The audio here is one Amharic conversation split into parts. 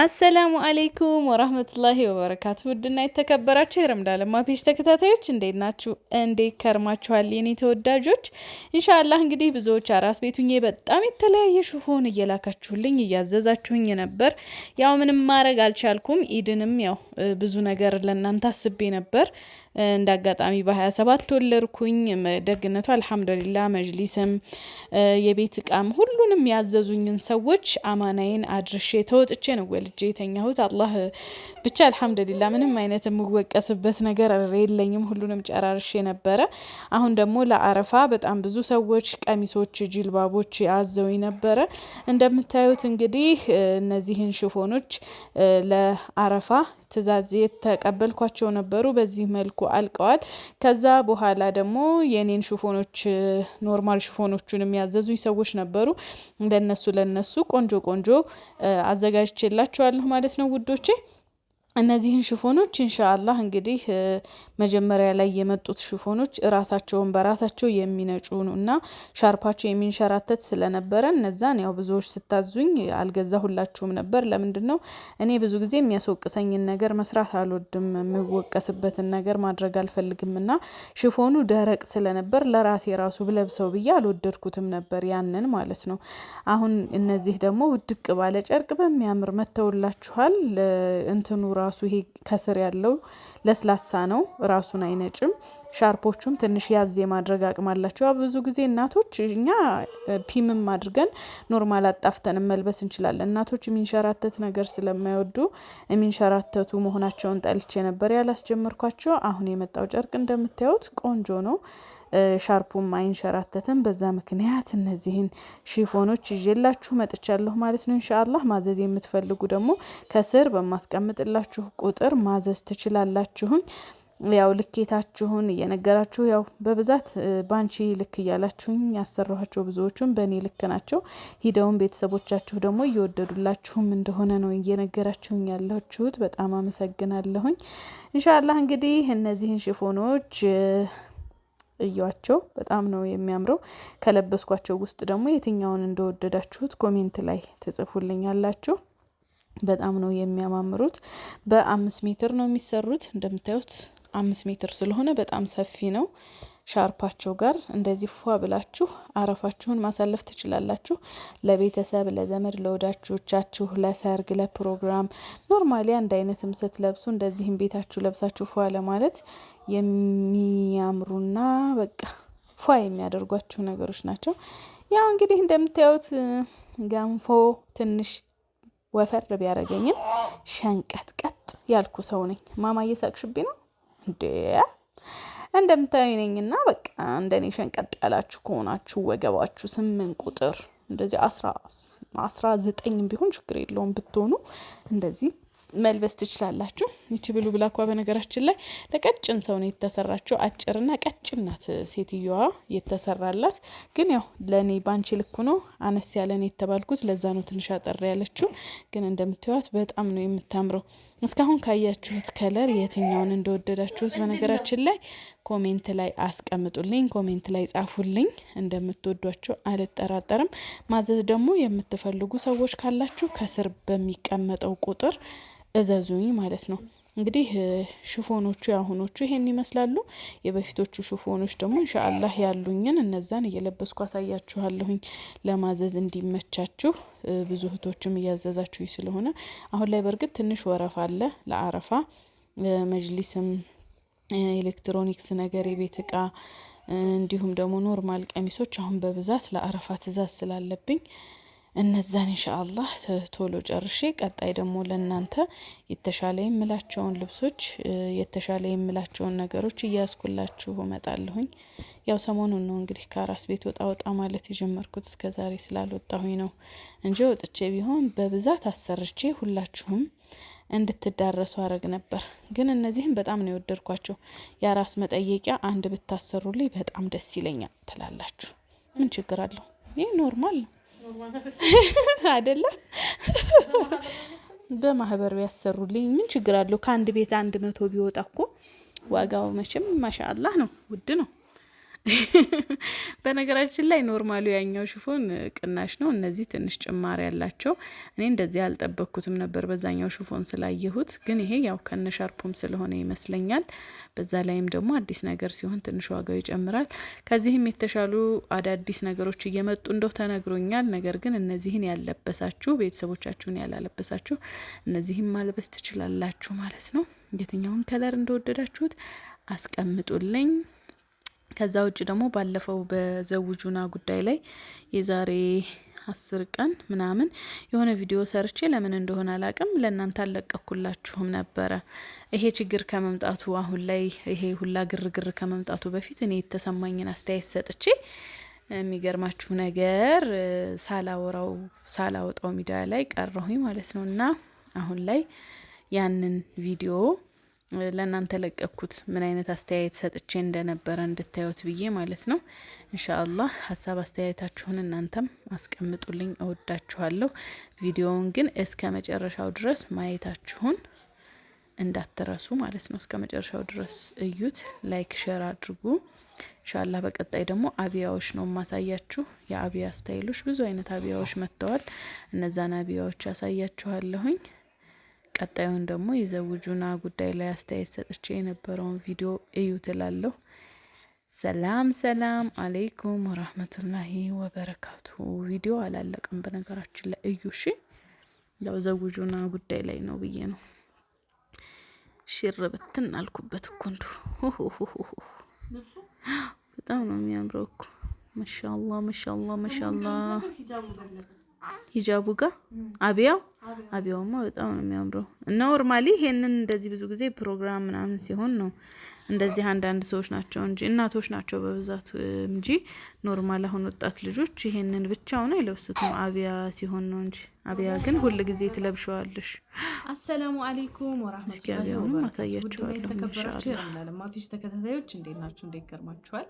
አሰላሙ አሌይኩም ወራህመቱላሂ ወበረካቱ። ውድና የተከበራችሁ የረምዳለማ ፔጅ ተከታታዮች እንዴት ናችሁ? እንዴት ከርማችኋል? የኔ ተወዳጆች ኢንሻአላህ እንግዲህ ብዙዎች አራስ ቤቱኜ በጣም የተለያየ ሽፎን እየላካችሁልኝ እያዘዛችሁኝ ነበር። ያው ምንም ማድረግ አልቻልኩም። ኢድንም ያው ብዙ ነገር ለእናንተ አስቤ ነበር እንደ አጋጣሚ በ27 ተወለድኩኝ። ደግነቱ አልሐምዱሊላ መጅሊስም የቤት እቃም ሁሉንም ያዘዙኝን ሰዎች አማናዬን አድርሼ ተወጥቼ ነው ወልጄ የተኛሁት። አላህ ብቻ አልሐምዱሊላ ምንም አይነት የምወቀስበት ነገር የለኝም። ሁሉንም ጨራርሼ ነበረ። አሁን ደግሞ ለአረፋ በጣም ብዙ ሰዎች ቀሚሶች፣ ጅልባቦች አዘውኝ ነበረ። እንደምታዩት እንግዲህ እነዚህን ሽፎኖች ለአረፋ ትእዛዝ የተቀበልኳቸው ነበሩ። በዚህ መልኩ አልቀዋል። ከዛ በኋላ ደግሞ የኔን ሽፎኖች ኖርማል ሽፎኖቹን የሚያዘዙኝ ሰዎች ነበሩ። ለነሱ ለነሱ ቆንጆ ቆንጆ አዘጋጅቼላቸዋለሁ ማለት ነው ውዶቼ። እነዚህን ሽፎኖች እንሻአላህ እንግዲህ መጀመሪያ ላይ የመጡት ሽፎኖች እራሳቸውን በራሳቸው የሚነጩ እና ሻርፓቸው የሚንሸራተት ስለነበረ እነዛን ያው ብዙዎች ስታዙኝ አልገዛሁላችሁም ነበር። ለምንድን ነው እኔ ብዙ ጊዜ የሚያስወቅሰኝን ነገር መስራት አልወድም፣ የሚወቀስበትን ነገር ማድረግ አልፈልግም እና ሽፎኑ ደረቅ ስለነበር ለራሴ ራሱ ብለብሰው ብዬ አልወደድኩትም ነበር ያንን ማለት ነው። አሁን እነዚህ ደግሞ ውድቅ ባለ ጨርቅ በሚያምር መተውላችኋል እንትኑራ ራሱ ይሄ ከስር ያለው ለስላሳ ነው፣ ራሱን አይነጭም። ሻርፖቹም ትንሽ ያዝ የማድረግ አቅም አላቸው። ብዙ ጊዜ እናቶች እኛ ፒምም አድርገን ኖርማል አጣፍተን መልበስ እንችላለን። እናቶች የሚንሸራተት ነገር ስለማይወዱ የሚንሸራተቱ መሆናቸውን ጠልቼ ነበር ያላስጀመርኳቸው። አሁን የመጣው ጨርቅ እንደምታዩት ቆንጆ ነው። ሻርፑም አይንሸራተትም። በዛ ምክንያት እነዚህን ሺፎኖች ይዤላችሁ መጥቻለሁ ማለት ነው። ኢንሻአላህ ማዘዝ የምትፈልጉ ደግሞ ከስር በማስቀምጥላችሁ ቁጥር ማዘዝ ትችላላችሁ። እያላችሁኝ ያው ልኬታችሁን እየነገራችሁ ያው በብዛት ባንቺ ልክ እያላችሁኝ ያሰራኋቸው ብዙዎቹም በእኔ ልክ ናቸው። ሂደውን ቤተሰቦቻችሁ ደግሞ እየወደዱላችሁም እንደሆነ ነው እየነገራችሁኝ ያላችሁት። በጣም አመሰግናለሁኝ። እንሻላ እንግዲህ እነዚህን ሽፎኖች እያቸው በጣም ነው የሚያምረው። ከለበስኳቸው ውስጥ ደግሞ የትኛውን እንደወደዳችሁት ኮሜንት ላይ ትጽፉልኛላችሁ። በጣም ነው የሚያማምሩት። በአምስት ሜትር ነው የሚሰሩት። እንደምታዩት አምስት ሜትር ስለሆነ በጣም ሰፊ ነው። ሻርፓቸው ጋር እንደዚህ ፏ ብላችሁ አረፋችሁን ማሳለፍ ትችላላችሁ። ለቤተሰብ፣ ለዘመድ፣ ለወዳጆቻችሁ፣ ለሰርግ፣ ለፕሮግራም ኖርማሊ አንድ አይነትም ስትለብሱ እንደዚህም ቤታችሁ ለብሳችሁ ፏ ለማለት የሚያምሩና በቃ ፏ የሚያደርጓችሁ ነገሮች ናቸው። ያው እንግዲህ እንደምታዩት ገንፎ ትንሽ ወፈር ቢያደርገኝም ሸንቀጥቀጥ ያልኩ ሰው ነኝ። ማማ እየሳቅሽብኝ ነው እንዴ? እንደምታዩ ነኝና በቃ እንደኔ ሸንቀጥ ያላችሁ ከሆናችሁ ወገባችሁ ስምንት ቁጥር እንደዚህ አስራ ዘጠኝ ቢሆን ችግር የለውም ብትሆኑ እንደዚህ መልበስ ትችላላችሁ። ይቺ ብሉ ብላኳ በነገራችን ላይ ለቀጭን ሰው ነው የተሰራችው። አጭርና ቀጭን ናት ሴትዮዋ የተሰራላት። ግን ያው ለእኔ ባንቺ ልኩ ነው አነስ ያለን የተባልኩት ለዛ ነው ትንሽ አጠር ያለችው። ግን እንደምታዩት በጣም ነው የምታምረው። እስካሁን ካያችሁት ከለር የትኛውን እንደወደዳችሁት በነገራችን ላይ ኮሜንት ላይ አስቀምጡልኝ፣ ኮሜንት ላይ ጻፉልኝ። እንደምትወዷቸው አልጠራጠርም። ማዘዝ ደግሞ የምትፈልጉ ሰዎች ካላችሁ ከስር በሚቀመጠው ቁጥር እዘዙኝ ማለት ነው። እንግዲህ ሽፎኖቹ የአሁኖቹ ይሄን ይመስላሉ። የበፊቶቹ ሽፎኖች ደግሞ እንሻአላህ ያሉኝን እነዛን እየለበስኩ አሳያችኋለሁኝ ለማዘዝ እንዲመቻችሁ ብዙ እህቶችም እያዘዛችሁኝ ስለሆነ አሁን ላይ በእርግጥ ትንሽ ወረፋ አለ ለአረፋ መጅሊስም ኤሌክትሮኒክስ ነገር የቤት እቃ እንዲሁም ደግሞ ኖርማል ቀሚሶች አሁን በብዛት ለአረፋ ትእዛዝ ስላለብኝ እነዛን ኢንሻአላህ ቶሎ ጨርሼ ቀጣይ ደግሞ ለእናንተ የተሻለ የምላቸውን ልብሶች የተሻለ የምላቸውን ነገሮች እያስኩላችሁ እመጣለሁኝ። ያው ሰሞኑን ነው እንግዲህ ከአራስ ቤት ወጣ ወጣ ማለት የጀመርኩት እስከ ዛሬ ስላልወጣሁኝ ነው እንጂ ወጥቼ ቢሆን በብዛት አሰርቼ ሁላችሁም እንድትዳረሱ አረግ ነበር። ግን እነዚህም በጣም ነው የወደድኳቸው። የአራስ መጠየቂያ አንድ ብታሰሩልኝ በጣም ደስ ይለኛል ትላላችሁ። ምን ችግር አለው? ይህ ኖርማል ነው። አይደለ? በማህበር ቢያሰሩልኝ ምን ችግር አለው? ከአንድ ቤት አንድ መቶ ቢወጣ እኮ ዋጋው መቼም ማሻአላህ ነው፣ ውድ ነው። በነገራችን ላይ ኖርማሉ ያኛው ሽፎን ቅናሽ ነው። እነዚህ ትንሽ ጭማሪ ያላቸው እኔ እንደዚህ አልጠበቅኩትም ነበር በዛኛው ሽፎን ስላየሁት። ግን ይሄ ያው ከነሻርፑም ስለሆነ ይመስለኛል። በዛ ላይም ደግሞ አዲስ ነገር ሲሆን ትንሽ ዋጋው ይጨምራል። ከዚህም የተሻሉ አዳዲስ ነገሮች እየመጡ እንደው ተነግሮኛል። ነገር ግን እነዚህን ያለበሳችሁ ቤተሰቦቻችሁን ያላለበሳችሁ እነዚህን ማልበስ ትችላላችሁ ማለት ነው። የትኛውን ከለር እንደወደዳችሁት አስቀምጡልኝ። ከዛ ውጭ ደግሞ ባለፈው በዘውጁና ጉዳይ ላይ የዛሬ አስር ቀን ምናምን የሆነ ቪዲዮ ሰርቼ ለምን እንደሆነ አላቅም ለእናንተ አለቀኩላችሁም ነበረ። ይሄ ችግር ከመምጣቱ አሁን ላይ ይሄ ሁላ ግርግር ከመምጣቱ በፊት እኔ የተሰማኝን አስተያየት ሰጥቼ የሚገርማችሁ ነገር ሳላወራው ሳላወጣው ሚዲያ ላይ ቀረሁኝ ማለት ነው እና አሁን ላይ ያንን ቪዲዮ ለእናንተ ለቀኩት ምን አይነት አስተያየት ሰጥቼ እንደነበረ እንድታዩት ብዬ ማለት ነው። እንሻአላህ ሀሳብ አስተያየታችሁን እናንተም አስቀምጡልኝ። እወዳችኋለሁ። ቪዲዮውን ግን እስከ መጨረሻው ድረስ ማየታችሁን እንዳትረሱ ማለት ነው። እስከ መጨረሻው ድረስ እዩት፣ ላይክ ሼር አድርጉ። እንሻላ በቀጣይ ደግሞ አብያዎች ነው ማሳያችሁ። የአብያ ስታይሎች ብዙ አይነት አብያዎች መጥተዋል። እነዛን አብያዎች ያሳያችኋለሁኝ። ቀጣዩን ደግሞ የዘውጁና ጉዳይ ላይ አስተያየት ሰጥቼ የነበረውን ቪዲዮ እዩ ትላለሁ። ሰላም ሰላም አሌይኩም ወራህመቱላሂ ወበረካቱ። ቪዲዮ አላለቅም በነገራችን ላይ እዩ። እሺ ያው ዘውጁና ጉዳይ ላይ ነው ብዬ ነው ሽር ብትን አልኩበት እኮ እንዱ በጣም ነው የሚያምረው እኮ ማሻአላ ማሻአላ ማሻአላ ሂጃቡ ጋር አብያው አብያውማ በጣም ነው የሚያምረው። እና ኖርማሊ ይሄንን እንደዚህ ብዙ ጊዜ ፕሮግራም ምናምን ሲሆን ነው እንደዚህ አንዳንድ ሰዎች ናቸው እንጂ እናቶች ናቸው በብዛት እንጂ ኖርማል አሁን ወጣት ልጆች ይሄንን ብቻውን አይለብሱትም። አብያ ሲሆን ነው እንጂ አብያ ግን ሁል ጊዜ ትለብሸዋለሽ። አሰላሙ አሌይኩም ወራህመቱላሂ ወበረካቱሁ። አሳያችኋለሁ። ተከበራችሁ ማፊሽ ተከታታዮች እንዴት ናችሁ? እንዴት ገርማችኋል?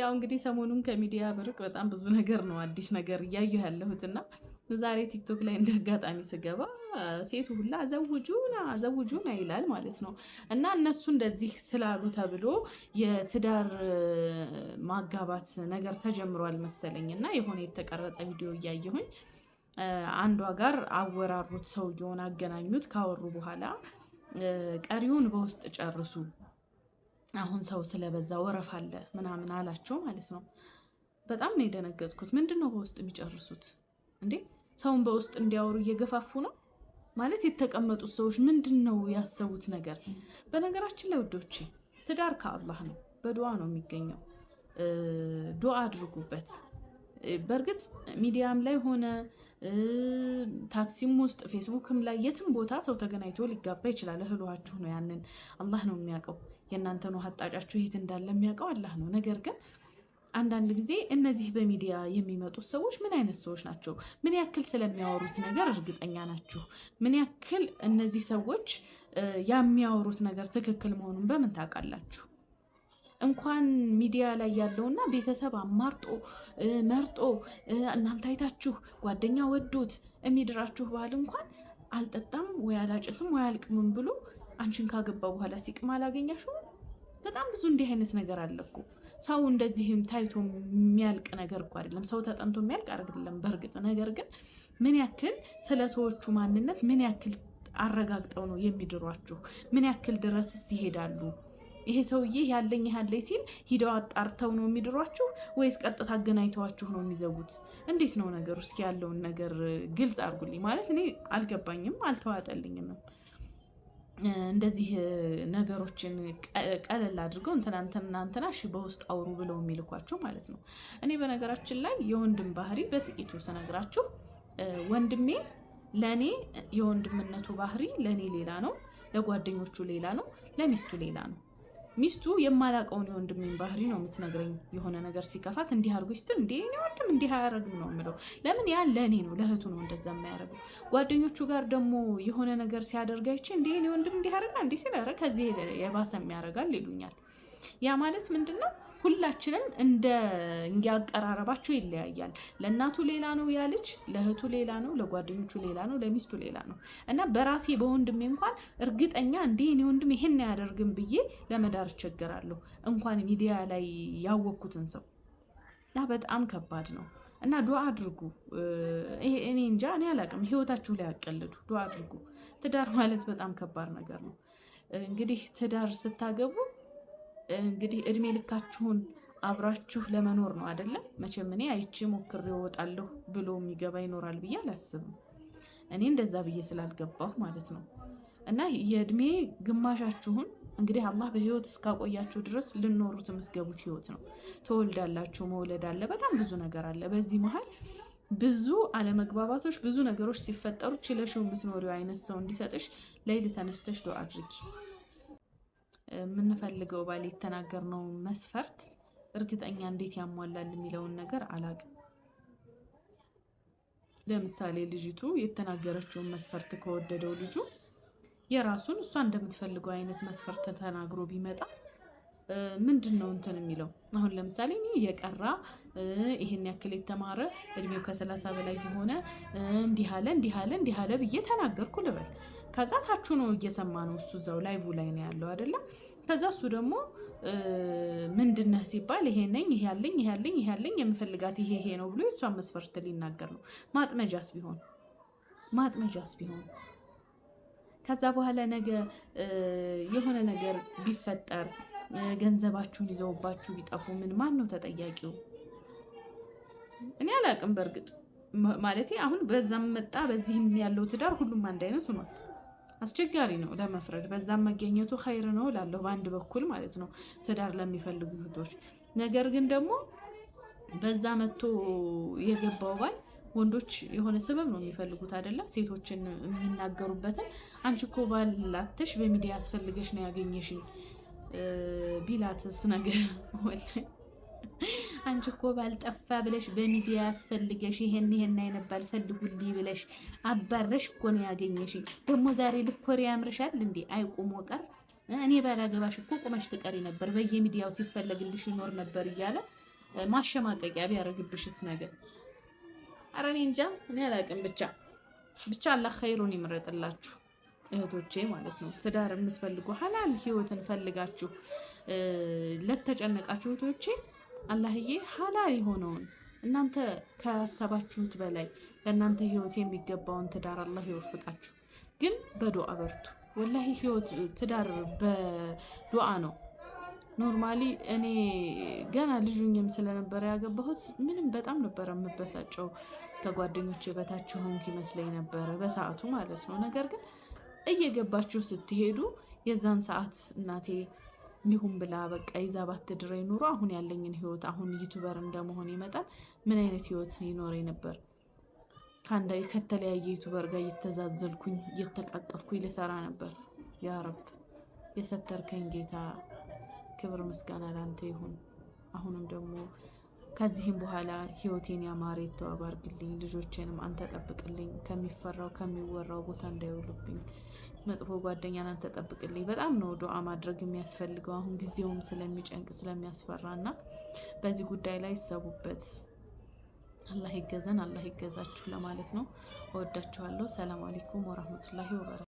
ያው እንግዲህ ሰሞኑን ከሚዲያ ብርቅ በጣም ብዙ ነገር ነው አዲስ ነገር ያለሁት ያለሁትና ዛሬ ቲክቶክ ላይ እንደ አጋጣሚ ስገባ ሴቱ ሁላ ዘውጁና ዘውጁና ይላል ማለት ነው። እና እነሱ እንደዚህ ስላሉ ተብሎ የትዳር ማጋባት ነገር ተጀምሯል መሰለኝ እና የሆነ የተቀረጸ ቪዲዮ እያየሁኝ አንዷ ጋር አወራሩት፣ ሰውየውን አገናኙት። ካወሩ በኋላ ቀሪውን በውስጥ ጨርሱ አሁን ሰው ስለበዛ ወረፍ አለ ምናምን አላቸው ማለት ነው። በጣም ነው የደነገጥኩት። ምንድን ነው በውስጥ የሚጨርሱት እንዴ? ሰውን በውስጥ እንዲያወሩ እየገፋፉ ነው ማለት የተቀመጡት ሰዎች ምንድን ነው ያሰቡት ነገር? በነገራችን ላይ ውዶቼ ትዳር ከአላህ ነው፣ በዱዓ ነው የሚገኘው። ዱዓ አድርጉበት። በእርግጥ ሚዲያም ላይ ሆነ ታክሲም ውስጥ ፌስቡክም ላይ የትም ቦታ ሰው ተገናኝቶ ሊጋባ ይችላል። እህሏችሁ ነው። ያንን አላህ ነው የሚያውቀው። የእናንተ ነው አጣጫችሁ የት እንዳለ የሚያውቀው አላህ ነው። ነገር ግን አንዳንድ ጊዜ እነዚህ በሚዲያ የሚመጡት ሰዎች ምን አይነት ሰዎች ናቸው? ምን ያክል ስለሚያወሩት ነገር እርግጠኛ ናችሁ? ምን ያክል እነዚህ ሰዎች የሚያወሩት ነገር ትክክል መሆኑን በምን ታውቃላችሁ? እንኳን ሚዲያ ላይ ያለውና ቤተሰብ አማርጦ መርጦ እናንተ አይታችሁ ጓደኛ ወዶት የሚድራችሁ ባል እንኳን አልጠጣም ወይ አላጭስም ወይ አልቅምም ብሎ አንቺን ካገባ በኋላ ሲቅም አላገኛሽም። በጣም ብዙ እንዲህ አይነት ነገር አለ እኮ። ሰው እንደዚህም ታይቶ የሚያልቅ ነገር እኮ አይደለም። ሰው ተጠንቶ የሚያልቅ አይደለም በእርግጥ ነገር ግን ምን ያክል ስለ ሰዎቹ ማንነት ምን ያክል አረጋግጠው ነው የሚድሯችሁ? ምን ያክል ድረስስ ይሄዳሉ? ይሄ ሰውዬ ያለኝ ያለኝ ሲል ሂደው አጣርተው ነው የሚድሯችሁ ወይስ ቀጥታ አገናኝተዋችሁ ነው የሚዘጉት? እንዴት ነው ነገሩ? እስኪ ያለውን ነገር ግልጽ አድርጉልኝ። ማለት እኔ አልገባኝም፣ አልተዋጠልኝም። እንደዚህ ነገሮችን ቀለል አድርገው እንትናንትና እንትና እሺ በውስጥ አውሩ ብለው የሚልኳቸው ማለት ነው። እኔ በነገራችን ላይ የወንድም ባህሪ በጥቂቱ ስነግራችሁ ወንድሜ ለእኔ የወንድምነቱ ባህሪ ለእኔ ሌላ ነው፣ ለጓደኞቹ ሌላ ነው፣ ለሚስቱ ሌላ ነው። ሚስቱ የማላቀውን የወንድሜን ባህሪ ነው የምትነግረኝ። የሆነ ነገር ሲከፋት እንዲህ አድርጎ ስትል እንዲ እኔ ወንድም እንዲህ አያደርግም ነው የምለው። ለምን ያ ለእኔ ነው ለእህቱ ነው እንደዛ የማያደርገው። ጓደኞቹ ጋር ደግሞ የሆነ ነገር ሲያደርግ አይቼ እንዲ እኔ ወንድም እንዲህ ያደርጋ እንዲ ሲል ከዚህ የባሰ የሚያደርጋል ይሉኛል። ያ ማለት ምንድን ነው ሁላችንም እንደ እንዲያቀራረባቸው ይለያያል። ለእናቱ ሌላ ነው ያ ልጅ፣ ለእህቱ ሌላ ነው፣ ለጓደኞቹ ሌላ ነው፣ ለሚስቱ ሌላ ነው እና በራሴ በወንድሜ እንኳን እርግጠኛ እንዴ እኔ ወንድም ይሄን አያደርግም ብዬ ለመዳር እቸገራለሁ፣ እንኳን ሚዲያ ላይ ያወቅኩትን ሰው እና በጣም ከባድ ነው እና ዱዓ አድርጉ። እኔ እንጃ እኔ አላቅም። ህይወታችሁ ላይ ያቀልዱ፣ ዱዓ አድርጉ። ትዳር ማለት በጣም ከባድ ነገር ነው። እንግዲህ ትዳር ስታገቡ እንግዲህ እድሜ ልካችሁን አብራችሁ ለመኖር ነው አይደለም? መቼም እኔ አይቼ ሞክሬ እወጣለሁ ብሎ የሚገባ ይኖራል ብዬ አላስብም። እኔ እንደዛ ብዬ ስላልገባሁ ማለት ነው። እና የእድሜ ግማሻችሁን እንግዲህ አላህ በህይወት እስካቆያችሁ ድረስ ልኖሩት የምትገቡት ህይወት ነው። ትወልዳላችሁ፣ መውለድ አለ፣ በጣም ብዙ ነገር አለ። በዚህ መሀል ብዙ አለመግባባቶች፣ ብዙ ነገሮች ሲፈጠሩ ችለሽው የምትኖሪው አይነት ሰው እንዲሰጥሽ ለይል ተነስተሽ ዶ አድርጊ። የምንፈልገው ባል የተናገርነው መስፈርት እርግጠኛ እንዴት ያሟላል የሚለውን ነገር አላቅም። ለምሳሌ ልጅቱ የተናገረችውን መስፈርት ከወደደው ልጁ የራሱን እሷ እንደምትፈልገው አይነት መስፈርት ተናግሮ ቢመጣ ምንድን ነው እንትን የሚለው አሁን ለምሳሌ እኔ የቀራ ይሄን ያክል የተማረ እድሜው ከሰላሳ በላይ የሆነ እንዲህ አለ እንዲህ አለ እንዲህ አለ ብዬ ተናገርኩ ልበል። ከዛ ታች ነው እየሰማ ነው እሱ እዛው ላይቭ ላይ ነው ያለው አይደለም። ከዛ እሱ ደግሞ ምንድነህ ሲባል ይሄ ነኝ፣ ይሄ ያለኝ፣ ይሄ ያለኝ፣ ይሄ ያለኝ የምፈልጋት ይሄ ይሄ ነው ብሎ የእሷን መስፈርት ሊናገር ነው። ማጥመጃስ ቢሆን ማጥመጃስ ቢሆን ከዛ በኋላ ነገ የሆነ ነገር ቢፈጠር ገንዘባችሁን ይዘውባችሁ ቢጠፉ ምን ማን ነው ተጠያቂው? እኔ አላቅም። በእርግጥ ማለት አሁን በዛም መጣ በዚህም ያለው ትዳር ሁሉም አንድ አይነት ሆኗል። አስቸጋሪ ነው ለመፍረድ። በዛም መገኘቱ ኸይር ነው ላለሁ በአንድ በኩል ማለት ነው ትዳር ለሚፈልጉ እህቶች። ነገር ግን ደግሞ በዛ መጥቶ የገባው ባል ወንዶች የሆነ ስበብ ነው የሚፈልጉት አይደለም ሴቶችን የሚናገሩበትን አንቺ እኮ ባል ላተሽ በሚዲያ አስፈልገሽ ነው ያገኘሽኝ ቢላትስ ነገር ወላሂ አንቺ እኮ ባልጠፋ ብለሽ በሚዲያ ያስፈልገሽ ይሄን ይሄን አይነት ባልፈልጉልኝ ብለሽ አባረሽ እኮ ነው ያገኘሽ። ደግሞ ዛሬ ልኮሪ ያምርሻል እንዴ? አይቁሞ ቀር እኔ ባላገባሽ እኮ ቁመሽ ትቀሪ ነበር፣ በየሚዲያው ሲፈለግልሽ ይኖር ነበር እያለ ማሸማቀቂያ ቢያደርግብሽስ ነገር። ኧረ እኔ እንጃ፣ እኔ አላቅም። ብቻ ብቻ አላህ ኸይሩን ይምረጥላችሁ። እህቶቼ ማለት ነው። ትዳር የምትፈልጉ ሀላል ህይወትን ፈልጋችሁ ለተጨነቃችሁ እህቶቼ አላህዬ ሀላል የሆነውን እናንተ ከሰባችሁት በላይ ለእናንተ ህይወት የሚገባውን ትዳር አላህ ይወፍቃችሁ። ግን በዱዓ በርቱ። ወላሂ ህይወት ትዳር በዱአ ነው። ኖርማሊ እኔ ገና ልጁኝም ስለነበረ ያገባሁት ምንም በጣም ነበረ የምበሳጨው። ከጓደኞቼ በታች ሆንኩ ይመስለኝ ነበረ በሰዓቱ ማለት ነው። ነገር ግን እየገባችሁ ስትሄዱ የዛን ሰዓት እናቴ ይሁን ብላ በቃ ይዛ ባትድረኝ ኑሮ አሁን ያለኝን ህይወት አሁን ዩቱበር እንደመሆን ይመጣል ምን አይነት ህይወት ይኖረኝ ነበር? ከአንዳ ከተለያየ ዩቱበር ጋር እየተዛዘልኩኝ እየተቃቀፍኩኝ ልሰራ ነበር። ያረብ የሰተርከኝ ጌታ ክብር ምስጋና ላንተ ይሁን። አሁንም ደግሞ ከዚህም በኋላ ህይወቴን ያማረ የተዋበ አድርግልኝ፣ ልጆቼንም አንተ ጠብቅልኝ፣ ከሚፈራው ከሚወራው ቦታ እንዳይውሉብኝ፣ መጥፎ ጓደኛን አንተ ጠብቅልኝ። በጣም ነው ዱዓ ማድረግ የሚያስፈልገው አሁን ጊዜውም ስለሚጨንቅ ስለሚያስፈራ እና በዚህ ጉዳይ ላይ ይሰቡበት። አላህ ይገዘን፣ አላህ ይገዛችሁ ለማለት ነው። እወዳችኋለሁ። ሰላም አሌይኩም ወራህመቱላሂ ወበረ